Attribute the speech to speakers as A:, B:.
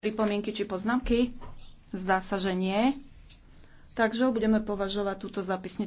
A: pripomienky či poznámky? Zdá sa, že nie. Takže budeme považovať túto zápisnicu